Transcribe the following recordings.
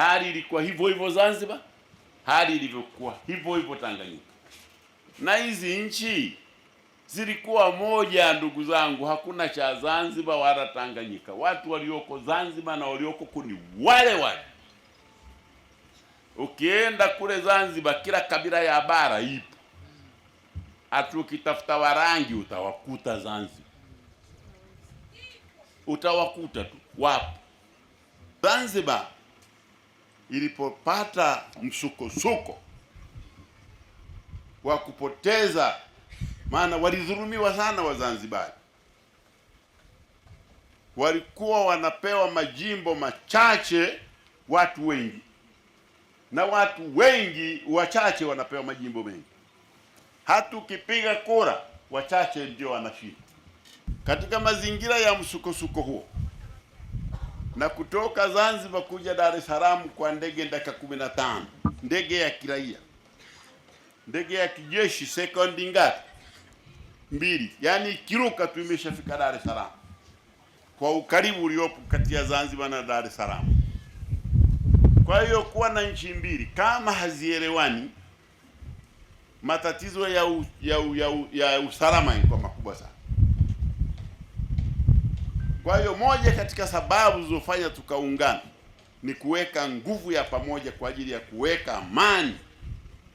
hali ilikuwa hivyo hivyo Zanzibar, hali ilivyokuwa hivyo hivyo Tanganyika, na hizi nchi zilikuwa moja, ndugu zangu. Hakuna cha Zanzibar wala Tanganyika. Watu walioko Zanzibar na walioko kuni wale wale. Ukienda kule Zanzibar, kila kabila ya bara ipo, hata ukitafuta Warangi utawakuta Zanzibar, utawakuta tu wapo Zanzibar ilipopata msukosuko wa kupoteza, maana walidhulumiwa sana Wazanzibari, walikuwa wanapewa majimbo machache watu wengi, na watu wengi wachache wanapewa majimbo mengi. Hata ukipiga kura wachache ndio wanashinda. Katika mazingira ya msukosuko huo na kutoka Zanzibar kuja Dar es Salaam kwa ndege dakika 15, ndege ya kiraia, ndege ya kijeshi, sekondi ngapi? Mbili. Yaani ikiruka tu imeshafika Dar es Salaam, kwa ukaribu uliopo kati ya Zanzibar na Dar es Salaam. Kwa hiyo kuwa na nchi mbili kama hazielewani, matatizo ya, u, ya, u, ya, u, ya usalama ilikuwa makubwa sana. Kwa hiyo moja katika sababu zilizofanya tukaungana ni kuweka nguvu ya pamoja kwa ajili ya kuweka amani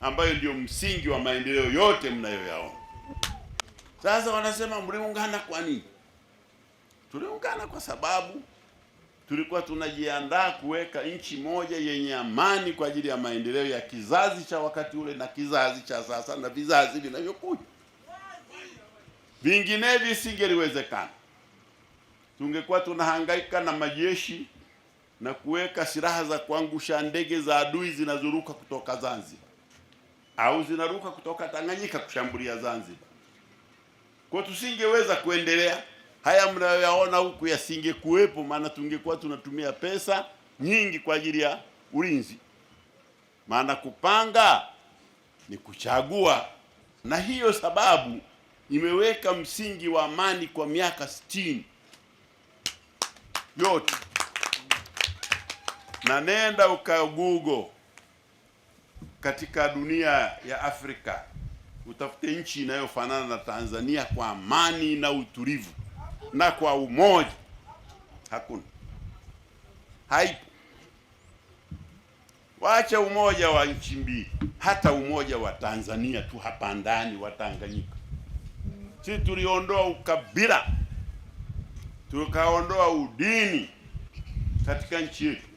ambayo ndiyo msingi wa maendeleo yote mnayoyaona. Sasa wanasema mliungana kwa nini? Tuliungana kwa sababu tulikuwa tunajiandaa kuweka nchi moja yenye amani kwa ajili ya maendeleo ya kizazi cha wakati ule na kizazi cha sasa na vizazi vinavyokuja, vinginevyo isingeliwezekana tungekuwa tunahangaika na majeshi na kuweka silaha za kuangusha ndege za adui zinazoruka kutoka Zanzibar au zinaruka kutoka Tanganyika kushambulia Zanzibar. Kwa tusingeweza kuendelea, haya mnayoyaona huku yasingekuwepo, maana tungekuwa tunatumia pesa nyingi kwa ajili ya ulinzi. Maana kupanga ni kuchagua, na hiyo sababu imeweka msingi wa amani kwa miaka sitini yote, na nenda uka Google katika dunia ya Afrika utafute nchi inayofanana na Tanzania kwa amani na utulivu na kwa umoja. Hakuna, haipo. Wacha umoja wa nchi mbili, hata umoja wa Tanzania tu hapa ndani wa Tanganyika, sisi tuliondoa ukabila tukaondoa udini katika nchi yetu.